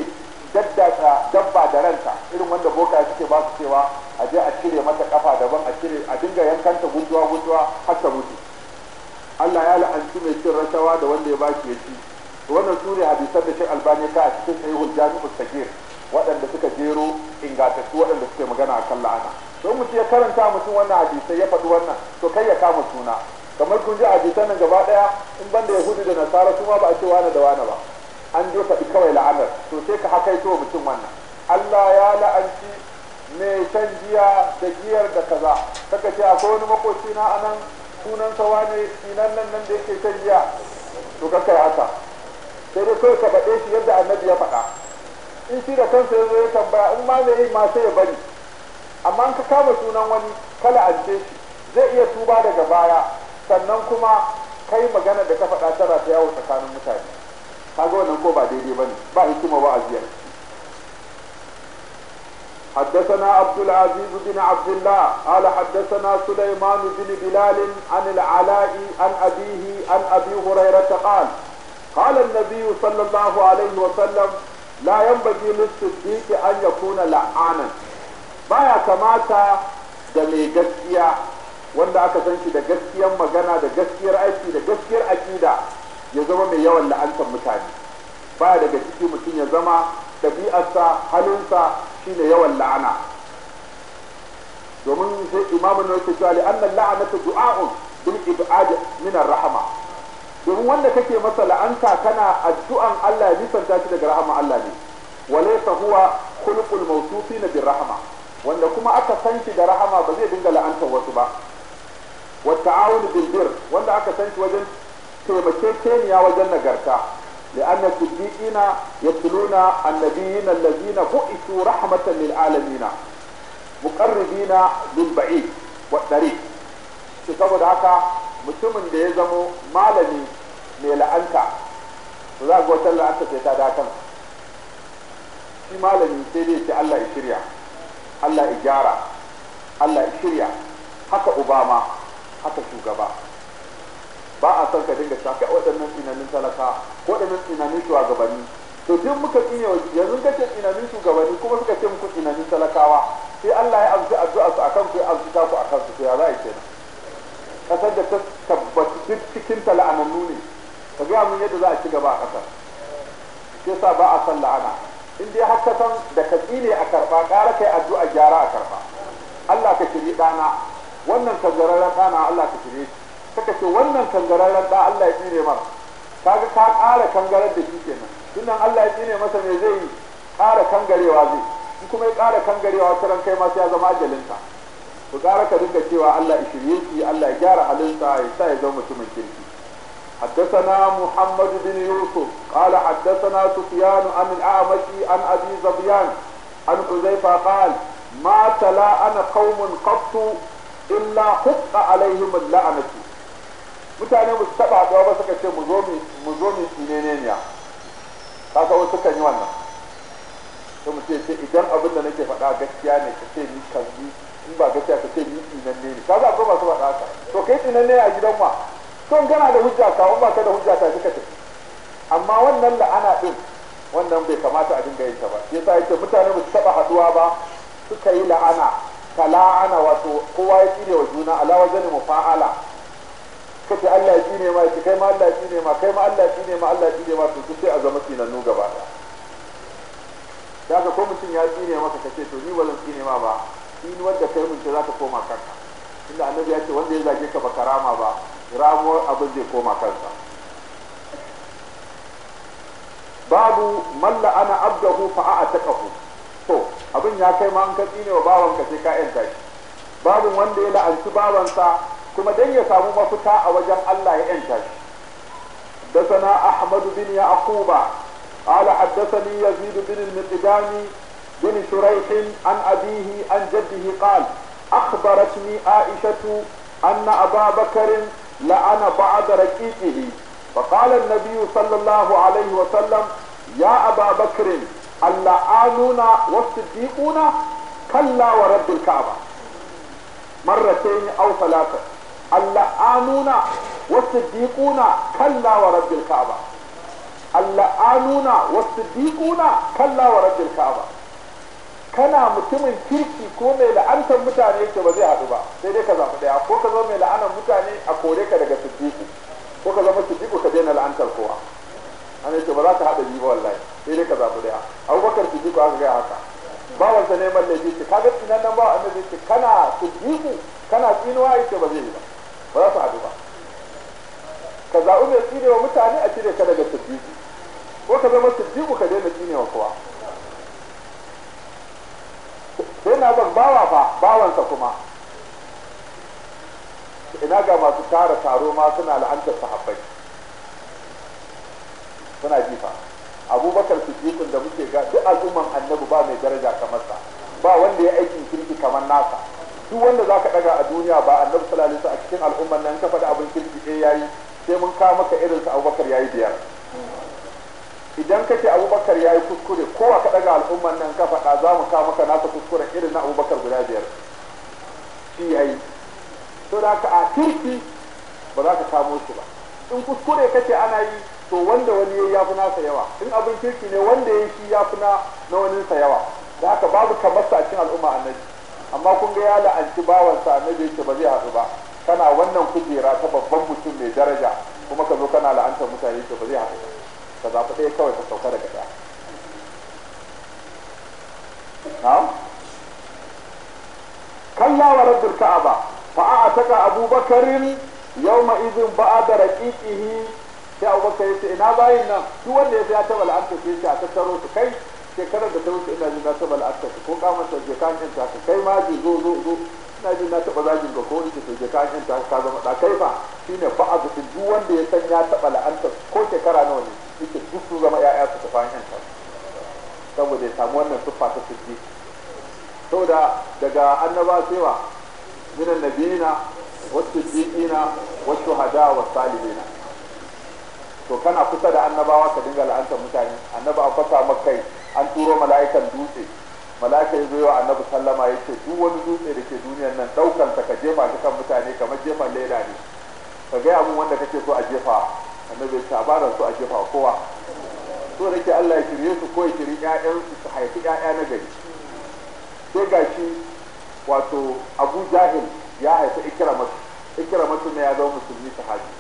daddaka dabba da ranta irin wanda boka suke ba su cewa a je a cire mata kafa daban a cire a dinga yankanta gunduwa gunduwa har ta mutu Allah ya la'anci mai cin rashawa da wanda ya ba shi ya ci wannan su ne hadisan da shi albani ka a cikin sahihul jami'u sakir waɗanda suka jero ingatattu waɗanda suke magana akan la'ana don mutum ya karanta mutum wannan hadisai ya faɗi wannan to kai ya kama suna kamar kun ji hadisan nan gaba ɗaya in banda yahudu da nasara su ma ba a ce wani da wani ba sai ka hakaito mutum wannan Allah ya la'anci mai san jiya da giyar da kaza kaka ce akwai wani makoci na anan sunan sawa ne sinan nan nan da yake san jiya to ya haka sai dai kawai ka faɗe shi yadda annabi ya faɗa in shi da kansa ya zo ya tambaya in ma yi ma sai ya bari amma in ka kama sunan wani ka la'ance shi zai iya tuba daga baya sannan kuma kai magana da ka faɗa tara ta yawo tsakanin mutane ga wannan ko ba daidai ne, ba hikima ba aziyar حدثنا عبد العزيز بن عبد الله قال حدثنا سليمان بن بلال عن العلاء عن أبيه عن أبي هريرة قال قال النبي صلى الله عليه وسلم لا ينبغي للصديق أن يكون لعانا baya kamata da mai gaskiya wanda aka san shi da gaskiyar magana da gaskiyar aiki da gaskiyar aƙida ya zama mai yawan la'antar mutane ba daga ciki mutum ya zama ɗabi'arsa halinsa shi ne yawan la'ana domin sai imamu na yake cewa annan la'anata du'a'un bil ibad min rahama domin wanda kake masa la'anta kana addu'an Allah ya nisanta shi daga rahama Allah ne walaysa huwa khulqul mawsufina bir rahama wanda kuma aka san shi da rahama ba zai dinga la'antar wasu ba wa ta'awun bil bir wanda aka san shi wajen taimakekeniya wajen nagarta لأن الصديقين يتلون النبيين الذين بؤسوا رحمة للعالمين مقربين بالبعيد والطريق saboda haka mutumin da ya zamo malami mai la'anta to za ga wata la'anta sai ta kan. shi malami sai dai ce Allah ya shirya Allah ya gyara Allah ya shirya haka ubama haka shugaba ba a son ka dinga shaka waɗannan tunanin talaka waɗannan tunanin shugabanni to duk muka tsine yanzu ka ce tsinanin shugabanni kuma suka ce muku tunanin talakawa sai Allah ya amsa addu'a su akan ku ya amsa ta ku akan su ya za a kenan kasar da ta tabbata duk cikin la'anannu ne ka ga mun yadda za a ci gaba a kasar sai sa ba a san la'ana in dai har ka san da ka tsine a karba ƙara kai addu'a gyara a karba Allah ka shiri ɗana wannan tazararren ɗana Allah ka shiri shi suka ce wannan kangararren da Allah ya tsine mar kaga ka ƙara kangarar da shi kenan tunan Allah ya tsine masa me zai yi ƙara kangarewa zai in kuma ya ƙara kangarewa taran kai masu ya zama ajalinka ku ƙara ka dinga cewa Allah ya shirye shi Allah ya gyara halinsa ya sa ya zama mutumin kirki حدثنا محمد بن يوسف قال حدثنا سفيان عن الأعمش عن أبي زبيان عن حذيفة قال ما تلا انا قوم قط الا حق عليهم اللعنه mutane musu taba haɗuwa ba suka ce mu zo mu zo mu ne ne kaga wasu kan yi wannan to mu ce idan abin da nake faɗa gaskiya ne ka ce ni kalli in ba gaskiya ka ce ni tsinanne ne kaga ba masu faɗa ka. to kai tsinanne a gidan ma to in gana da hujja ka in ba ka da hujja ta kika ce amma wannan la'ana din wannan bai kamata a dinga yin ta ba ta yace mutane musu taba haɗuwa ba suka yi la'ana kala'ana wato kowa ya kire wa juna ala wajen mufa'ala ce Allah ya ne ma kai ma Allah ya ne ma kai ma Allah ya ne ma Allah ya ne ma to sai a zama nu gaba da haka ko mutum ya tsine maka ka ce to ni ba zan tsine ma ba in wanda kai mun ce za ka koma kanka inda annabi ya ce wanda ya zage ka ba karama ba ramuwar abin zai koma kansa babu malla ana abdahu fa a taqahu to abin ya kai ma an ka tsine wa bawanka sai ka yanta shi babu wanda ya la'anci babansa. kuma dan ya samu mafita a wajen Allah ya yanta shi da sana Ahmad bin Yaquba ala haddathani bin al bin Shuraih an abihi an jaddihi qal Aishatu أن أبا بكر لعن بعض رقيقه فقال النبي صلى الله عليه وسلم يا أبا بكر اللعانون اللعانون والصديقون كلا ورب wasu اللعانون والصديقون kana mutumin kirki ko mai la'antar mutane yake ba zai haɗu ba sai dai ka zafi ɗaya ko ka zo mai la'anar mutane a kore ka daga ce ka daga ko ka zama siddiqu ka daina wa kowa sai na ban bawa fa bawansa kuma ina ga masu tara taro ma suna la'antar sahabbai suna jifa abubakar siddiqun da muke ga duk al'umman annabu ba mai daraja kamar sa ba wanda ya aikin kirki kamar nasa duk wanda za ka daga a duniya ba annabi sallallahu alaihi a cikin al'umman nan ka faɗi abin kirki eh yayi sai mun kawo maka irin sa abubakar yi biyar idan kake abubakar ya yi kuskure kowa ka daga al'umman nan ka faɗa za mu kawo maka nasa kuskure irin na abubakar guda biyar shi yi to da ka a kirki ba za ka kamo su ba in kuskure kake ana yi to wanda wani ya fi nasa yawa in abin kirki ne wanda yayi shi yafi na na wani sa yawa da haka babu kamar sa cikin al'umma annabi amma kun ga ya la'anci bawansa annabi yake ba zai haɗu ba kana wannan kujera ta babban mutum mai daraja kuma ka zo kana la'antar mutane to ba zai haɗu ka zaɓi ɗaya kawai ka sauka daga ɗaya na'am kalla wa rabbul ka'aba fa a'ataka abubakarin yawma idhin ba'da raqiqihi sai abubakar yace ina bayin nan duk wanda ya ya taba la'anta sai ya tattaro su kai shekarar da ta wuce ina ji na taɓa la'akar ko kamar ta je kan yanta ka kai ma ji zo zo zo ina ji na taɓa zagin ka ko ita to je kan yanta ka zama da kai fa shi shine fa a duk wanda ya san ya taɓa la'anta ko shekara nawa ne ita duk su zama ya'ya su tafi yanta saboda ya samu wannan tuffa ta sirri saboda daga annaba cewa minan nabiyina wasu jiƙina wasu hada wa na to kana kusa da annabawa ka dinga la'antar mutane annaba a fasa makai an turo mala'ikan dutse mala'ika ya zo yi annabi sallama ya ce duk wani dutse da ke duniyar nan daukan ka ka jefa shi kan mutane kamar jefa leda ne ka gaya mun wanda kake so a jefa annabi ya ce a bara su a jefa kowa so da ke Allah ya shirye su ko ya shiri ƴaƴansu su haifi ƴaƴa na gari sai shi wato Abu Jahil ya haifi Ikramatu Ikramatu ne ya zama musulmi sahabi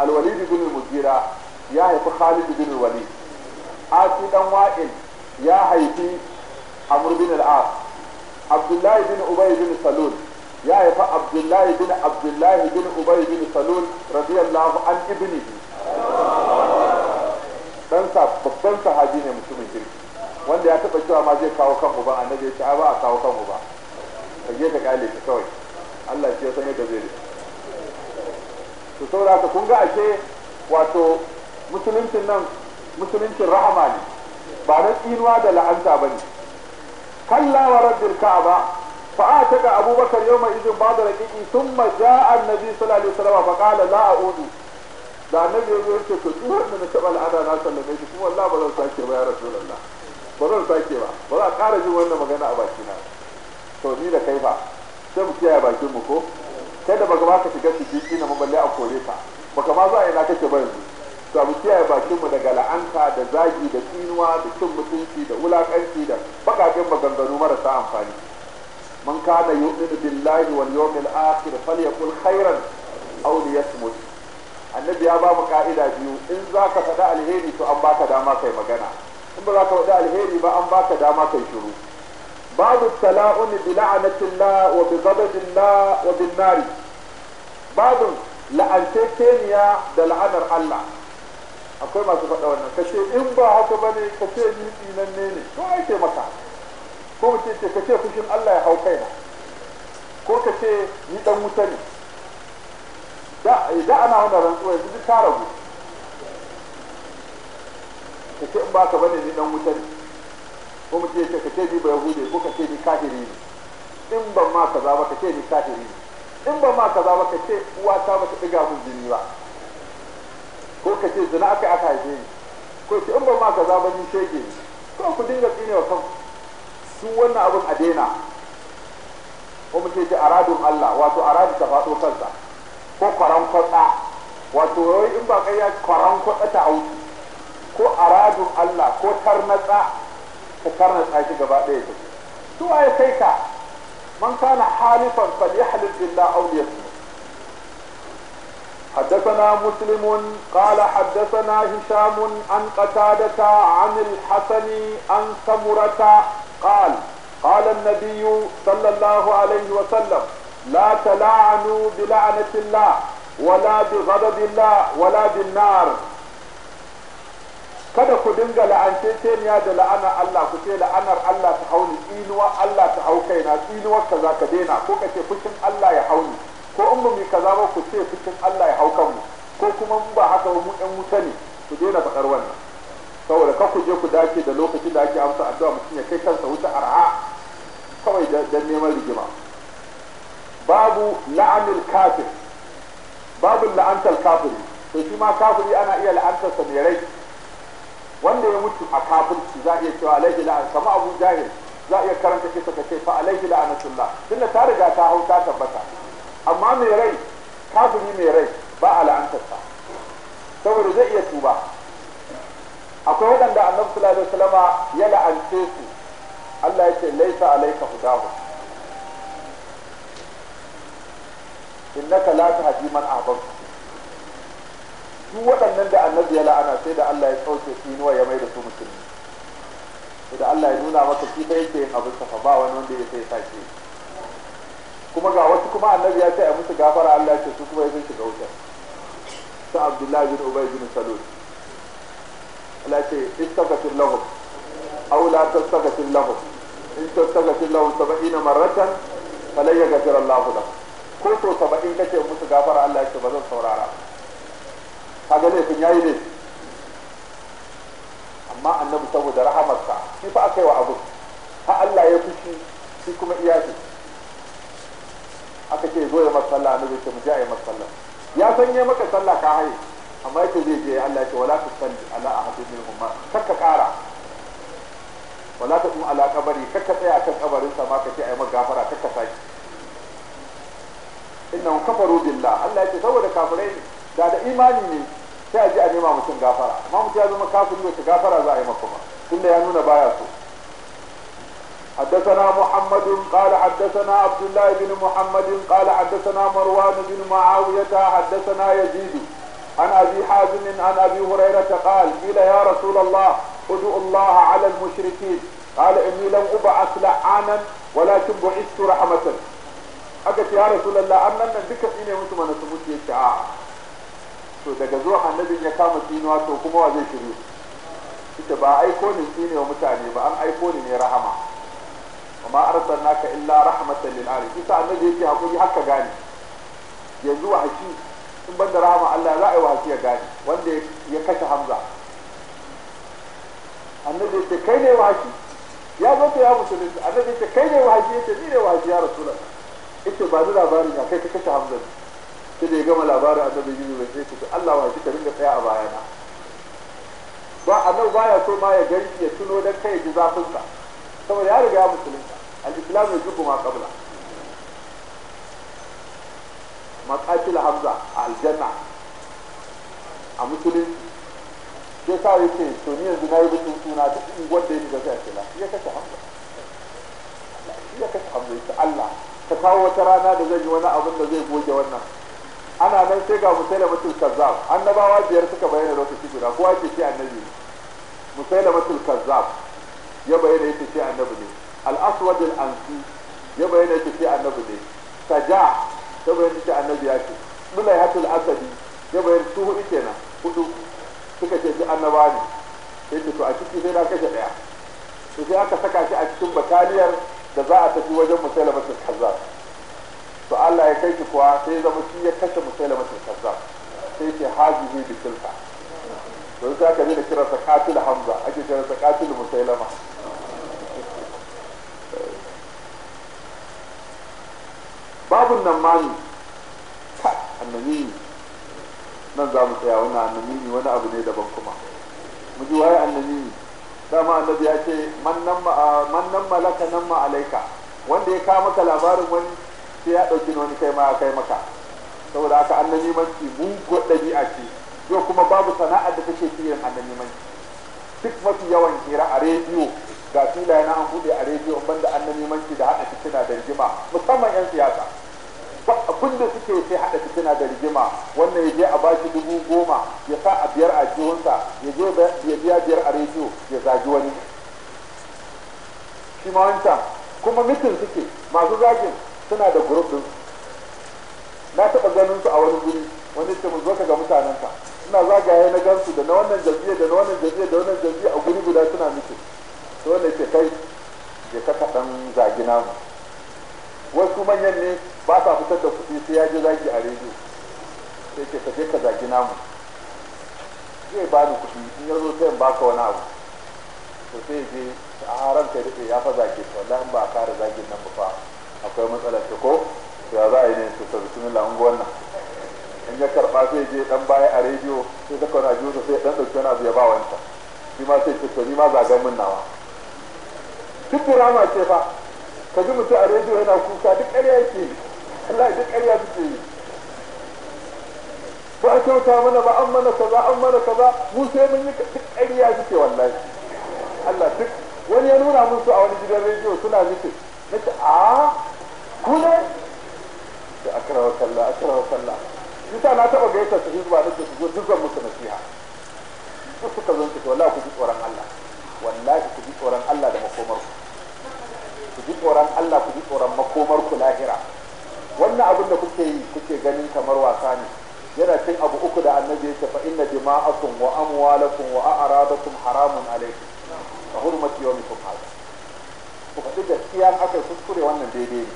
Al-Walid ibn Mughira ya haifi Khalid ibn Walid Asi dan Wa'il ya haifi amr bin al-as abdullahi bin ubay bin salul ya haifa abdullahi bin abdullahi bin ubay bin salul radiyallahu an ibni dan sa babban sahabi ne mutumin kirki wanda ya taba cewa ma zai kawo kan uba annabi ya ce ai ba a kawo kan uba ka je ka kale ka kawai Allah ya san yadda zai to saboda kun ga ashe wato musuluncin nan musuluncin rahama ne ba na tsinuwa da la'anta ba ne kallawa wa rabbil ka'aba fa ga abubakar yau yawma idin ba'da raqiqi thumma ja'a annabi sallallahu alaihi wasallam fa qala la a'udu da annabi yazo yace to duk wanda na taba al'ada na sallame shi kuma wallahi ba zan sake ba ya ba zan sake ba ba za a ƙara jin wannan magana a baki na to ni da kai ba sai mu kiyaye bakin mu ko kai da baka ba ka shiga ciki ina maballe a kore ka baka ma za a yi na kake ba yanzu to mu kiyaye bakinmu daga la'anta da zagi da tsinuwa da cin mutunci da wulakanci da bakakin maganganu marasa amfani man kana yu'minu billahi wal yawmil akhir falyakul khairan aw liyasmut annabi ya ba mu ka'ida biyu in zaka faɗa alheri to an baka dama kai magana in ba zaka faɗa alheri ba an baka dama kai shiru babu tala'un bi la'anatillah wa bi ghadabillah wa bin babu la'antake da la'anar Allah akwai masu faɗa wannan ka ce in ba haka ba ne ka ce ni dinan ne ne to ai maka ko mutum ce ka ce fushin Allah ya hau kaina ko ka ce ni dan wuta ne eh, da ana wannan rantsuwa yanzu duk ta ragu ka ce in ba haka ba ne ni dan wuta ne ko mutum ce ka ce ni ba yahude ko ka ce ni kafiri ne in ban ma kaza ba kace ni kafiri ne in ban ma kaza ba ka uwa ta ba ta ɗiga mun jini ba ko ka ce zina aka aka haife ni ko ki in ba ma kaza ba ni shege ni ko ku dinga tsine wa kanku su wannan abin a daina ko mu ce aradun Allah wato aradi ta faɗo kansa ko kwaran kwatsa wato wai in ba kai ya kwaran kwatsa ta auki ko aradun Allah ko tarnatsa ko tarnatsa shi gaba ɗaya ta to ai kai ka man kana halifan yahlil billah aw liyasmut حدثنا مسلم قال حدثنا هشام عن قتادة عن الحسن عن سمرة قال قال النبي صلى الله عليه وسلم لا تلعنوا بلعنة الله ولا بغضب الله ولا بالنار kada ku dinga laance la'anceceniya da la'anar Allah ku ce la'anar Allah ta hauni tsinuwa Allah ta hau kaina tsinuwar ka za ka daina ko ka ce fushin Allah ya hauni ko in ba mu kaza ba ku ce fushin Allah ya hau kanmu ko kuma in ba haka mu ɗan wuta ne ku daina faɗar wannan saboda ka ku je ku dace da lokacin da ake amsa addu'a mutum ya kai kansa wuta arha kawai dan neman rigima babu la'anil kafir babu la'antar kafiri to shi ma kafiri ana iya la'antar sa mai rai wanda ya mutu a kafirci za a iya cewa alaihi la'an kama abu jahil za a iya karanta kisa ka ce fa alaihi la'anatullah tunda ta riga ta hau ta tabbata amma mai rai kafiri mai rai ba a la'antarsa saboda zai iya tuba akwai waɗanda annabi sallallahu alaihi wasallama ya la'ance su Allah ya ce laisa alaika hudahu innaka la tahdi man ahbabta duk waɗannan da annabi ya la'ana sai da Allah ya sauke nawa ya mai da su musulmi da Allah ya nuna maka shi yake yin abin sa ba wani wanda ya sai sake shi kuma ga wasu kuma annabi ya ce a musu gafara Allah ya ce su kuma ya zai shiga wuta Ta abdullahi bin ubay bin salul Allah ce istaghfir lahum aw la tastaghfir lahum in tastaghfir lahum 70 marratan falan yaghfir Allah lahum ko to 70 kace musu gafara Allah ya ce ba zan saurara kaga ne kun yayi ne amma annabi saboda rahamarsa shi fa aka yi wa abu ha Allah ya fushi shi kuma iyaki aka ce zo ya masa sallah annabi ce mu je a yi masa ya san ya maka sallah ka haye amma yake zai je Allah ce wala ta salli ala ahadin min umma kakka kara wala ta kuma ala kabari kakka tsaya kan kabarin sa ma ka ce ai maka gafara kakka Inna innahum kafaru billah Allah ya ce saboda kafirai ne da da imani ne sai a ji a nema mutum gafara amma mutum ya zama kafiri ne ta gafara za a yi maka ba tunda ya nuna baya so حدثنا محمد قال حدثنا عبد الله بن محمد قال حدثنا مروان بن معاوية حدثنا يزيد عن أبي حازم عن أبي هريرة قال قيل يا رسول الله ادعوا الله على المشركين قال إني لم أبعث لعانا ولكن بعثت رحمة أجت يا رسول الله أن أن ذكر إني مسلم أنا سموت يشعاع to daga zuwa annabin ya kama tsinuwa to kuma wa zai shirye ita ba aiko ne tsine wa mutane ba an aiko ne ne rahama amma arsalnaka illa rahmatan lil alamin kisa annabi yake hakuri haka gane yanzu wa haki in ban da rahama Allah za a yi ya gane wanda ya kashe Hamza annabi yake kai ne wa haki ya zo ta ya musulunta annabi yake kai ne wa haki ni ne wa haki ya rasulullah yake ba ni labarin ya kai ka kashe Hamza sai da ya gama labarin annabi yi bai sai ce Allah wa haki ka ringa tsaya a bayana ba annabi baya so ma ya gani ya tuno dan kai ji zafin sa saboda ya riga musulun al-islam ya ma kabla maqatil hamza a aljanna a musulunci sai sa ya ce to ni yanzu na yi bikin suna duk in da ya shiga sai a ce lafiya kashe hamza ya kashe hamza ya Allah ka kawo wata rana da zai yi wani abin da zai goge wannan ana nan sai ga musailamatul kazzab annabawa biyar suka bayyana lokaci guda kowa ke ce annabi musailamatul kazzab ya bayyana yake ce annabi ne al-aswad al-ansi ya bayyana yake ce annabi ne saja ta bayyana ce annabi ya ce mulaihatul asadi ya bayyana su hudu kenan hudu suka ce shi annaba ne sai to a ciki sai na kashe daya to sai aka saka shi a cikin bataliyar da za a tafi wajen musailamatul kazzab to Allah ya kai ki kuwa sai ya zama shi ya kashe musailamatul kazzab sai ce hajihi bi sulka don sai aka da sa katil hamza ake sa katil musailama babun nan ne ta ne nan za mu tsaya wani ne wani abu ne daban kuma mu ji waye ne dama annabi ya ce man nan malaka nan ma alaika wanda ya kawo maka labarin wani sai ya ɗauki wani kai ma ya kai maka saboda haka annamimanci mugu ɗabi'a ce yau kuma babu sana'ar da take kiran manci duk mafi yawan hira a rediyo ga filayen an buɗe a rediyo banda manci da haka fitina da rigima musamman 'yan siyasa abin da suke sai haɗa fitina da rigima wannan ya je a shi dubu goma ya sa a biyar a jihunsa ya je ya biya biyar a rediyo ya zagi wani shi ma wancan kuma mitin suke masu zagin suna da grup na taɓa ganin su a wani guri wani ce mu zo ka ga mutanenka ina zagaye na gansu da na wannan jam'iyya da na wannan jam'iyya da wannan a guri guda suna mitin to wannan ce kai je ka kaɗan zagi namu wasu manyan ne ba sa fitar da kuɗi sai ya je zagi a rediyo sai ce ka je ka zagi namu zai ba ni kuɗi in ya zo sai in ka wani abu to sai je a haran kai daɗe ya fa zage to wallahi ba a kare zagin nan ba fa akwai matsalar ta ko ya za a yi ne su ta bismillah an wannan in ya karɓa sai je dan baya a rediyo sai ta na biyu sai dan ɗauki wani abu ya ba wanta shi ma sai ce to ni ma zagan min nawa duk drama ce fa ka ji mutum a rediyo yana kuka duk ƙarya yake Allah duk ƙarya suke yi ba a kyauta mana ba an mana kaza an mana kaza mu sai mun yi duk ƙarya suke wallahi Allah duk wani ya nuna mun su a wani gidan rediyo suna zikir ce a ku ne da akrawa kallah akrawa sallah yasa na taba gaita su hizba nake su zo dukkan musu nasiha su suka zo suka wallahi ku ji tsoron Allah Allah ku ji tsoron makomar ku lahira wannan abin da kuke yi kuke ganin kamar wasa ne yana cin abu uku da annabi yake fa inna dima'akum wa amwalakum wa a'radakum haramun alaykum fa hurmatu yawmikum hada ku faɗi gaskiya aka kuskure wannan daidai ne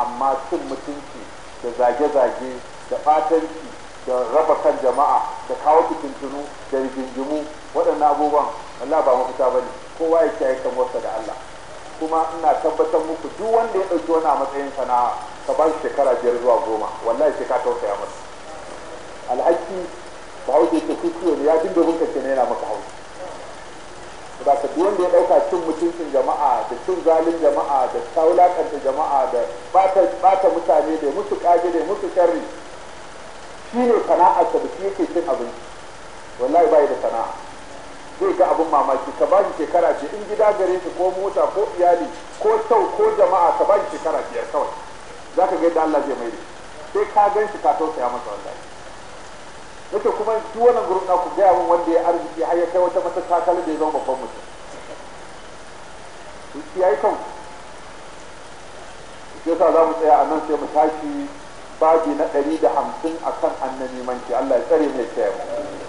amma cin mutunci da zage-zage da fatanci da raba kan jama'a da kawo fitintunu da rigingimu waɗannan abubuwan Allah ba mafita bane kowa ya kiyaye kan wasa da Allah kuma ina tabbatar muku duk wanda ya ɗauki wani a matsayin sana'a ka ba shi shekara biyar zuwa goma wallahi sai ka tausaya masa alhaki ba hauke ke kuciyo ne ya dinga bunka ke yana maka hauki da ka duk wanda ya ɗauka cin mutuncin jama'a da cin zalin jama'a da saulakanta jama'a da bata mutane da musu ƙage da musu sharri shi ne sana'arsa da shi yake cin abinci wallahi bai da sana'a zai ga abin mamaki ka ba shekara ce in gida gare shi ko mota ko iyali ko tau ko jama'a ka ba shekara biyar kawai za ka ga yadda Allah zai mai sai ka gan shi ka tausaya masa wallahi nake kuma duk wannan gurin na ku gaya min wanda ya arziki har ya kai wata mata takala da ya zama babban mutum ya yi ke sa za mu tsaya a nan sai mu tashi babi na ɗari da hamsin a kan annabi Allah ya tsare mai tsaye